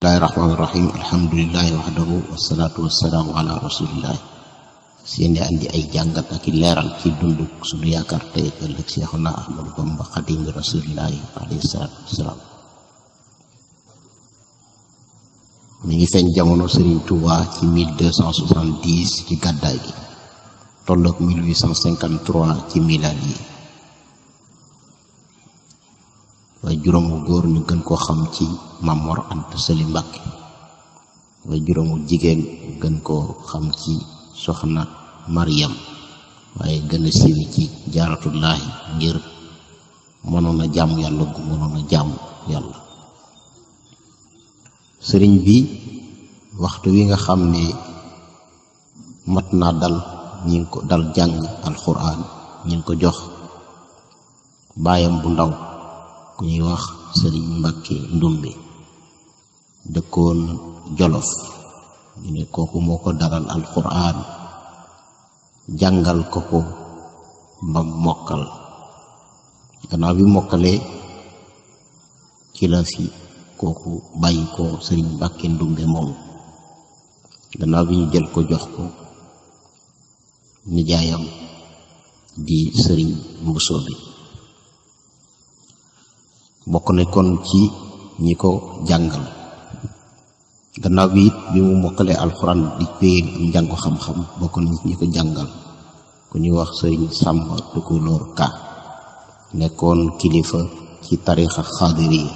Bismillahirrahmanirrahim. Alhamdulillahi wahdahu wassalatu wassalamu ala rasulillah. Siyende andi ay jangat ak leral ci dundu sunu yaakar tay ëlëk Cheikhuna Ahmad Bamba Khadim Rasulillah alayhi salatu wassalam. Mi ngi feñ jamono Serigne Touba ci 1270 ci gaddaay gi. Tollok 1853 ci miladi. waaye juróomu góor ñu gën koo xam ci Maam Mor Anta Mbàkke waaye juróomu jigéen gën koo xam ci soxna Maryam waaye gën a siiw ci jaaratullaahi ngir mënoon jàmm yàlla gu mënoon jàmm yàlla sëriñ bi waxtu wi nga xam ne mat naa dal ñi ngi ko dal jàng alxuraan ñi ko jox baayam bu ndaw ku ñuy wax sëriñ Mbàkke Ndumbe dëkkoon Jolof ne kooku moo ko daral alquran jàngal ko ko ba mokkal gannaaw bi mokkalee ci la si kooku bàyyi ko sëriñ Mbàkke Ndumbe moomu gannaaw bi ñu jël ko jox ko nijaayam di sëriñ Mbuso bi bokk na kon ci ñi ko jàngal gannaaw bi it bi mu mokkale alxuraan di péyéen am njàngu xam-xam bokk na ñi ko jàngal ku ñuy wax sëriñ Sàmba Tukulóor Ka nekkoon kilifa ci tarixa xaadiriya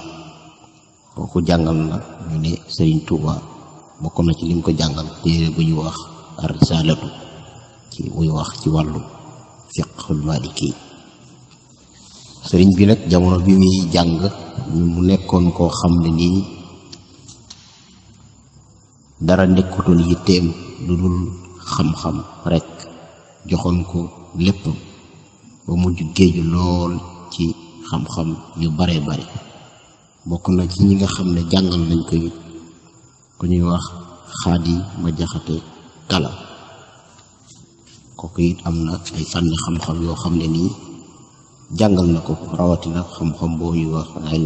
kooku jàngal na ñu ne sëriñ Tuuba bokk na ci lim ko jàngal téere bu ñu wax ar ci muy wax ci wàllu fiqhul maliki sëriñ bi nag jamono bi muy jàng mu nekkoon koo xam ne nii dara nekkutul yitteem lu dul xam-xam rek joxoon ko lépp ba mujj géeju lool ci xam-xam yu bare bare bokk na ci ñi nga xam ne jàngal nañ ko ku ñuy wax xaadi ma jaxate kala kooku it am na ay fànni xam-xam yoo xam ne nii jàngal na ko rawatina xam-xam boobu wa wax